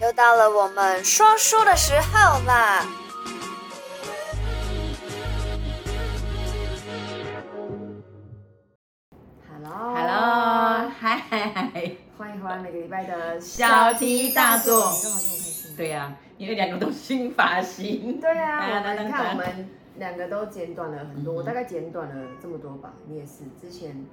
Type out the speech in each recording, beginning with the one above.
又到了我們說書的時候啦！Hello，Hello，嗨嗨嗨！Hello, Hello. Hi, hi, hi. 歡迎回來每個禮拜的小題大做，大作 這麼開心。對呀、啊，因為兩個都新髮型。對啊， 你看我們兩個都剪短了很多，我、嗯、大概剪短了這麼多吧？你也是，之前。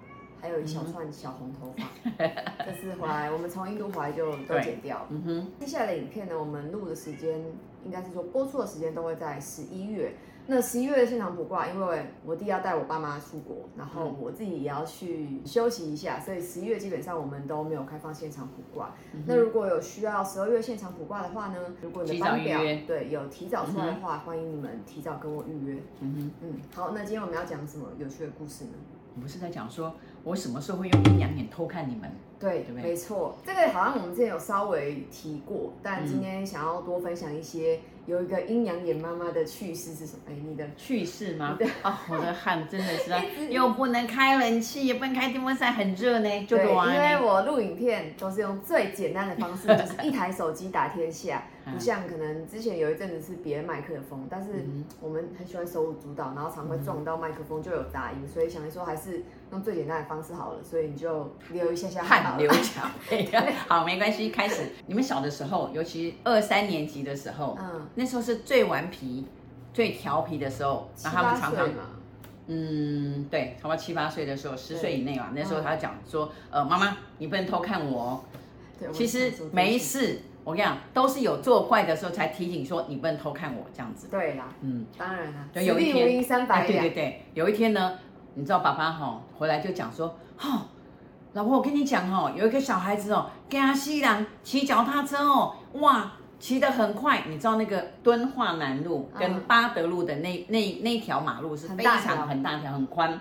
還有一小串小紅頭髮， 這次回來我們從印度回來就都剪掉了。嗯哼。接下來的影片呢，我們錄的時間應該是說播出的時間都會在十一月。那十一月的現場卜卦，因為我弟要帶我爸媽出國，然後我自己也要去休息一下，所以十一月基本上我們都沒有開放現場卜卦，嗯。那如果有需要十二月現場卜卦的話呢，如果你的班表對，有提早出來的話，嗯、歡迎你們提早跟我預約。嗯哼，嗯，好，那今天我們要講什麼有趣的故事呢？我們是在講說。我什麼時候會用陰陽眼偷看你們？對，對，對，沒錯，這個好像我們之前有稍微提過，但今天想要多分享一些。有一個陰陽眼媽媽的趣事是什麼？哎，你的趣事嗎？對 啊、哦，我的汗真的是啊， 又不能開冷氣，也不能開電風扇，很熱呢、欸。對、啊，因為我錄影片，都是用最簡單的方式， 就是一台手機打天下， 不像可能之前有一陣子是別人麥克風，但是我們很喜歡手舞足蹈，然後常會撞到麥克風就有雜音， 所以想來說還是用最簡單的方式好了，所以你就流一下下汗留一條，流腳。對，好，沒關係， 開始。你們小的時候，尤其二三年級的時候， 嗯。那時候是最頑皮、最調皮的時候，那他們常常，嗯，對，差不多七八歲的時候，十歲以內嘛。那時候他講說、嗯，呃，媽媽，你不能偷看我,我。其實沒事，我跟你講、嗯，都是有作怪的時候才提醒說你不能偷看我這樣子。對啦，嗯，當然啦。有一天、啊，對對對，有一天呢，你知道，爸爸哈、喔、回來就講說，哦，老婆，我跟你講哦、喔，有一個小孩子哦、喔，江西人，騎腳踏車哦、喔，哇。騎得很快，你知道那個敦化南路跟八德路的那、啊、那那條馬路是非常很大條很寬，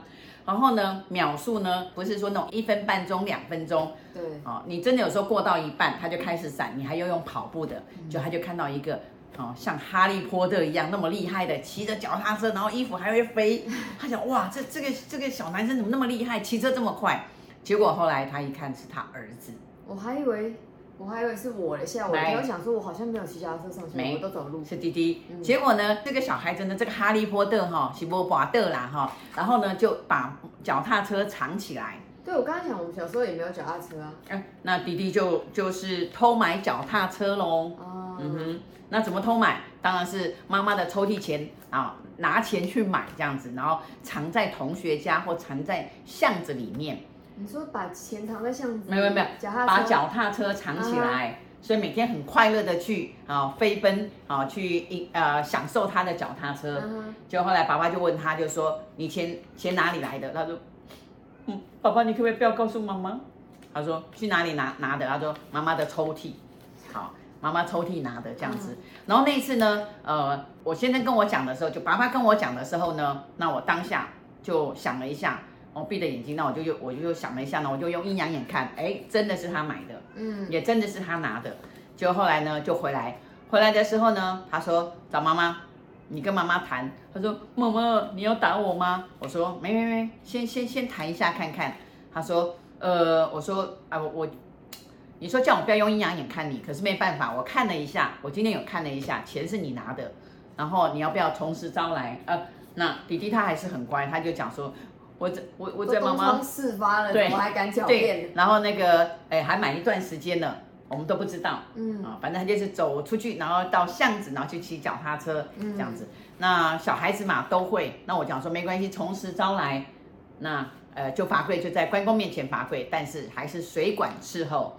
然後呢，秒數呢不是說那種一分半鐘兩分鐘，對，哦，你真的有時候過到一半，他就開始閃，你還要用跑步的，就、嗯、他就看到一個哦，像哈利波特一樣那麼厲害的，騎着腳踏車，然後衣服還會飛，他想哇，這這個這個小男生怎麼那麼厲害，騎車這麼快？結果後來他一看是他兒子，我還以為。我還以為是我的，現在我沒有想說，我好像沒有騎腳踏車上去，每個都走路。是弟弟、嗯，結果呢，這個小孩真的，這個哈利波特哈、喔、是無把得啦哈、喔，然後呢，就把腳踏車藏起來。對，我剛剛講我們小時候也沒有腳踏車啊、欸。那弟弟就就是偷買腳踏車嘍。哦、嗯。嗯哼，那怎麼偷買？當然是媽媽的抽屜錢啊、喔，拿錢去買這樣子，然後藏在同學家或藏在巷子裡面。你說把錢藏在巷子？沒有沒有，把腳踏車藏起來，啊、所以每天很快樂的去啊飛奔啊去一呃享受他的腳踏車。結、啊、果後來爸爸就問他，就說你錢錢哪裡來的？他說，嗯，爸爸，你可不可以不要告訴媽媽？他說去哪裡拿拿的？他說媽媽的抽屜，好，媽媽抽屜拿的這樣子、嗯。然後那一次呢，呃，我先生跟我講的時候，就爸爸跟我講的時候呢，那我當下就想了一下。我閉着眼睛，那我就又我就想了一下，那我就用陰陽眼看，哎、欸，真的是他買的，嗯，也真的是他拿的。結果後來呢，就回來，回來的時候呢，他說找媽媽，你跟媽媽談。他說媽媽，你要打我嗎？我說沒沒沒，先先先談一下看看。他說，呃，我說，啊我，我，你說叫我不要用陰陽眼看你，可是沒辦法，我看了一下，我今天有看了一下，錢是你拿的，然後你要不要從實招來？呃，那弟弟他還是很乖，他就講說。我這我我這媽媽事發了，我還敢狡辯。然後那個哎，還滿一段時間了，我們都不知道。嗯啊，反正他就是走出去，然後到巷子，然後去騎腳踏車這樣子，嗯。那小孩子嘛都會。那我講說沒關係，從實招來。那呃，就罰跪，就在關公面前罰跪。但是還是水管伺候，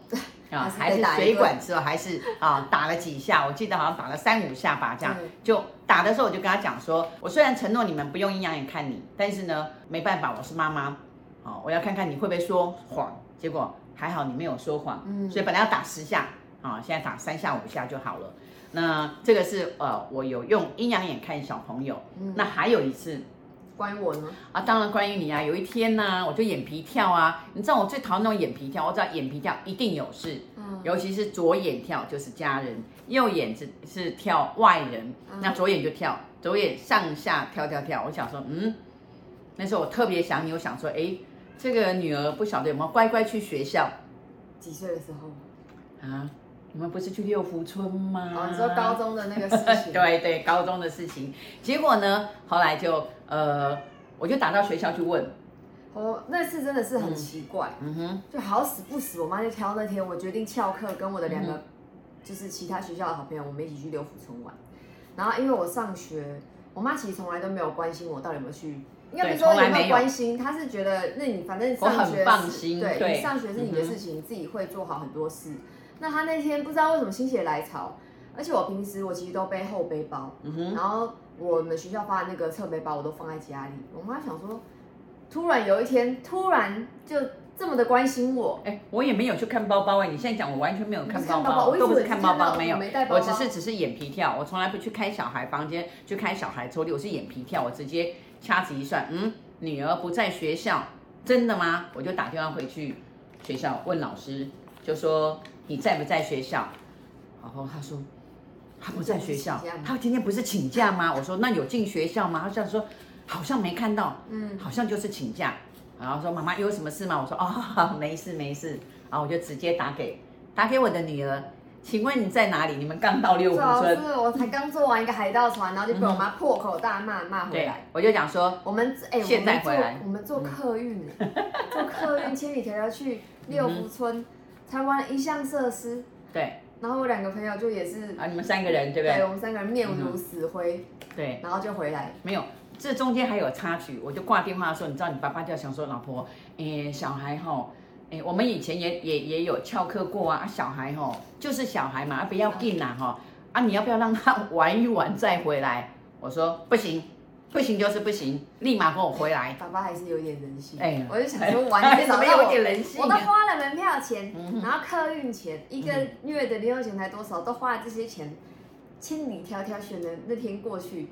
啊，還是水管伺候，還是啊打了幾下，我記得好像打了三五下吧，這樣，嗯，就。打的時候我就跟他講說，我雖然承諾你們不用陰陽眼看你，但是呢，沒辦法，我是媽媽，好，哦，我要看看你會不會說謊。結果還好你沒有說謊，嗯，所以本來要打十下，啊，哦，現在打三下五下就好了。那這個是呃，我有用陰陽眼看小朋友，嗯。那還有一次，關於我呢？啊，當然關於你啊。有一天呢，啊，我就眼皮跳啊，你知道我最討厭那種眼皮跳，我知道眼皮跳一定有事。尤其是左眼跳就是家人，右眼是是跳外人，嗯，那左眼就跳，左眼上下跳跳跳。我想說，嗯，那時候我特別想你，我想說，哎，這個女兒不曉得有沒有乖乖去學校。幾歲的時候？啊，你們不是去六福村嗎？哦，你說高中的那個事情。 對對，高中的事情。結果呢，後來就呃，我就打到學校去問。哦，那次真的是很奇怪，嗯嗯、哼，就好死不死，我媽就挑那天，我決定翹課，跟我的兩個、嗯、就是其他學校的好朋友，我們一起去六福村玩。然後因為我上學，我媽其實從來都沒有關心我到底有沒有去，因為比如有沒有關心，她是覺得那你反正上學，對，對對嗯、你上學是你的事情，你自己會做好很多事、嗯。那她那天不知道為什麼心血來潮，而且我平時我其實都背後背包，嗯、然後我們學校發的那個側背包我都放在家裡，我媽想說。突然有一天，突然就這麼的關心我，哎、欸，我也沒有去看包包哎、欸。你現在講我完全沒有看包包，包包，都不是看包包？沒有，我，包包我只是只是眼皮跳。我從來不去開小孩房間，去開小孩抽屜。我是眼皮跳，我直接掐指一算，嗯，女兒不在學校，真的嗎？我就打電話回去學校問老師，就說你在不在學校？然後他說他不在學校，他今天不是請假嗎？我說那有進學校嗎？他這樣說。好像沒看到，嗯，好像就是請假，然後說媽媽有什麼事嗎？我說哦，沒事沒事，然後我就直接打給打給我的女兒，請問你在哪裡？你們剛到六福村，我才剛坐完一個海盜船，然後就被我媽破口大罵，罵、嗯回，欸、回來。我就講說我們哎，現在回來我們坐客運，坐客運千里迢迢去、嗯、六福村，參觀了一項設施，對、嗯。然後我兩個朋友就也是啊，你們三個人對不對？對，我們三個人面如死灰、嗯，對，然後就回來，沒有。這中間還有插曲，我就掛電話的時候，你知道你爸爸就想說，老婆，誒，小孩哈，誒，我們以前也也也有翹課過啊，啊小孩哈，就是小孩嘛，啊、不要硬啊哈，啊，你要不要讓他玩一玩再回來？我說不行，不行就是不行，立馬跟我回來。爸爸還是有點人性，哎、我就想說玩、哎，你我、哎、怎麼有點人性、啊？我都花了門票錢、嗯，然後客運錢、嗯，一個月的零用錢才多少，都花了這些錢，嗯、千里迢迢選的那天過去，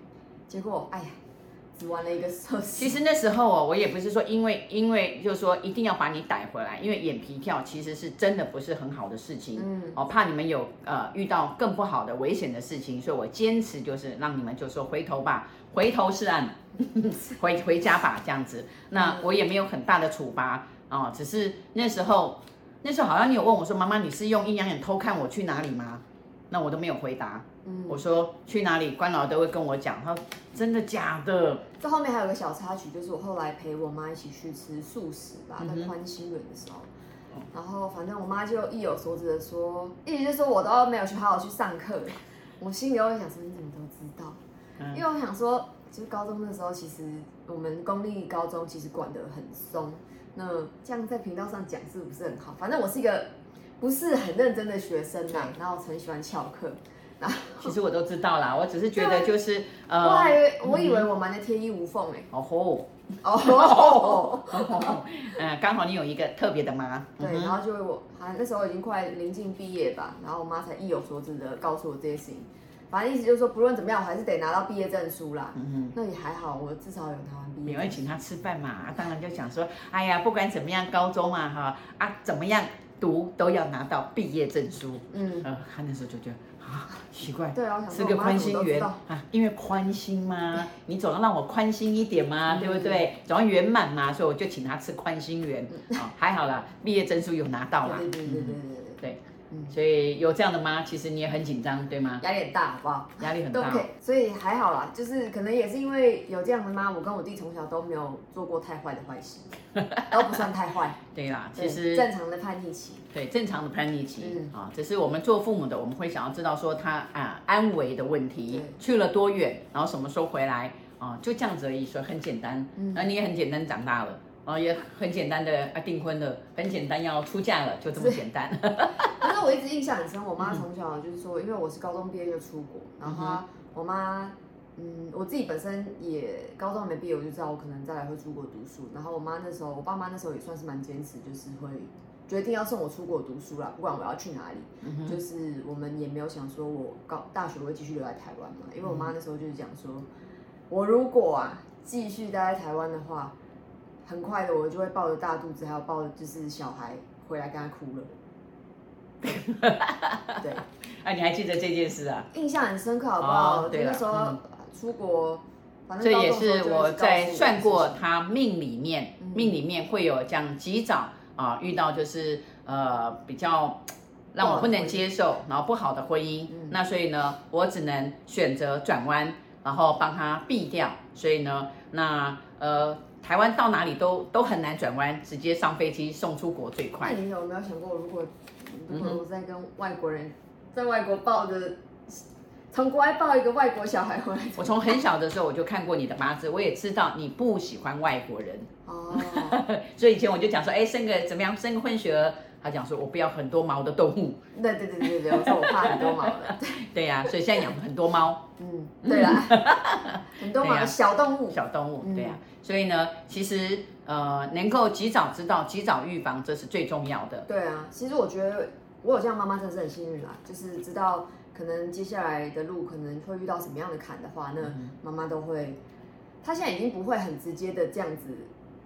結果，哎呀。玩了一個，其實那時候哦，我也不是說因為因為就是說一定要把你逮回來，因為眼皮跳其實是真的不是很好的事情。嗯，哦，我怕你們有呃遇到更不好的危險的事情，所以我堅持就是讓你們就說回頭吧，回頭是岸，回回家吧這樣子。那我也沒有很大的處罰哦，只是那時候那時候好像你有問我說，媽媽你是用陰陽眼偷看我去哪裡嗎？那我都沒有回答。嗯、我說去哪裡，關老都會跟我講。他說真的假的？這、嗯、後面還有個小插曲，就是我後來陪我媽一起去吃素食吧，在寬歡喜園的時候、嗯。然後反正我媽就意有所指的說，一、嗯、直就是說我都沒有去好好去上課。我心裡會想說你怎麼都知道？嗯、因為我想說，其實高中的時候，其實我們公立高中其實管得很鬆。那這樣在頻道上講是不是很好？反正我是一個。不是很認真的學生吶，然後很喜歡翹課。其實我都知道啦，我只是覺得就是呃，我還以為、嗯、我以為我瞞得天衣無縫哎、欸。哦吼，哦吼，哦，吼哦吼，嗯，剛好你有一個特別的媽。對、嗯，然後就我那時候已經快臨近畢業吧，然後我媽才意有所指的告訴我這些事情。反正意思就是說，不論怎麼樣，我還是得拿到畢業證書啦。嗯哼，那也還好，我至少有他，沒有請他吃飯嘛。啊，當然就想說，哎呀，不管怎麼樣，高中嘛哈啊，啊怎麼樣。讀都要拿到畢業證書，嗯，呃，他那時候就覺得啊，奇怪，對啊，吃個寬心圓啊，因為寬心嘛，你總要讓我寬心一點嘛，對不對，對，對，對，對？總要圓滿嘛，所以我就請他吃寬心圓，哦，還好啦，畢業證書有拿到啦，對對，對對。嗯對嗯，所以有這樣的媽，其實你也很緊張，對嗎？壓力很大，好不好？壓力很大，哦。都可以，所以還好啦。就是可能也是因為有這樣的媽，我跟我弟從小都沒有做過太壞的壞事， 都不算太壞。對啦，對其實正常的叛逆期。對，正常的叛逆期。嗯啊，只是我們做父母的，我們會想要知道說他啊，安危的問題、嗯、去了多遠，然後什麼時候回來啊，就這樣子而已，所以很簡單。嗯，那你也很簡單，長大了。然、哦、後也很簡單的，訂、啊、婚了，很簡單，要出嫁了，就這麼簡單。可是， 是我一直印象很深，我媽從小就是說、嗯，因為我是高中畢業就出國，然後我媽，嗯，我自己本身也高中沒畢業，我就知道我可能再來會出國讀書。然後我媽那時候，我爸媽那時候也算是蠻堅持，就是會決定要送我出國讀書啦，不管我要去哪裡、嗯，就是我們也沒有想說我高大學會繼續留在台灣嘛，因為我媽那時候就是講說，我如果啊繼續待在台灣的話。很快的，我就會抱着大肚子，還有抱着就是小孩回來跟他哭了。 對，哎、啊，你還記得這件事啊？印象很深刻，好不好？哦、對了就是說出國，嗯、反正這也是我在算過他命裡面，命裡面會有這樣及早啊、嗯、遇到就是呃比較讓我不能接受，然後不好的婚姻、嗯。那所以呢，我只能選擇轉彎，然後幫他避掉。所以呢，那呃。台灣到哪裡都都很難轉彎，直接上飛機送出國最快。那、哎、你有沒有想過，如果如果我在跟外國人、嗯、在外國抱著，從國外抱一個外國小孩回來？我從很小的時候我就看過你的八字，我也知道你不喜歡外國人哦， 所以以前我就講說，哎、欸，生個怎麼樣，生個混血兒。他講說：“我不要很多毛的動物。”對對對對比方說我怕很多毛的。 對對、啊、呀，所以現在養很多貓。 嗯，對呀， 很多毛的小動物。啊、小動物，嗯、對呀、啊。所以呢，其實呃，能夠及早知道、及早預防，這是最重要的。對啊，其實我覺得我好像媽媽真的是很幸運啦。就是知道可能接下來的路可能會遇到什麼樣的坎的話，那媽媽都會，嗯、她現在已經不會很直接的這樣子。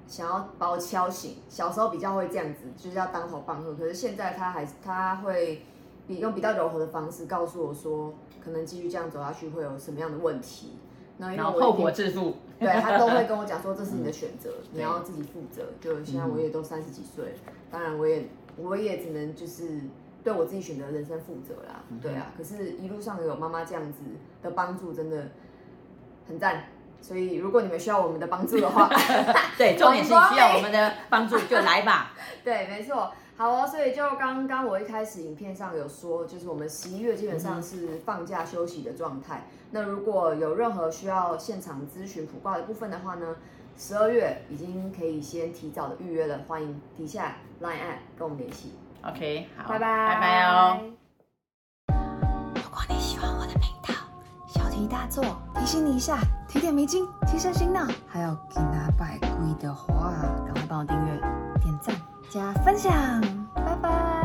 想要把我敲醒，小時候比較會這樣子，就是要當頭棒喝。可是現在他還是他會比用比較柔和的方式告訴我說，說可能繼續這樣走下去會有什麼樣的問題。那因為我然後後果自負， 對，他都會跟我講說，這是你的選擇，嗯、你要自己負責。就現在我也都三十幾歲，嗯、當然我也我也只能就是對我自己選擇的人生負責啦。Okay. 對啊，可是一路上有媽媽這樣子的幫助，真的很讚。所以，如果你們需要我們的幫助的話 對，重點是需要我們的幫助就來吧。 對，沒錯。好哦、啊，所以就剛剛我一開始影片上有說，就是我們十一月基本上是放假休息的狀態，嗯。那如果有任何需要現場諮詢卜卦的部分的話呢，十二月已經可以先提早的預約了。歡迎底下 Line@ 跟我們聯繫。OK，好，拜拜，拜拜哦。如果你喜歡我的頻道，小題大做提醒你一下。提點迷津，提升醒腦，還有給他百句的話，趕快幫我訂閱、點讚、加分享，拜拜。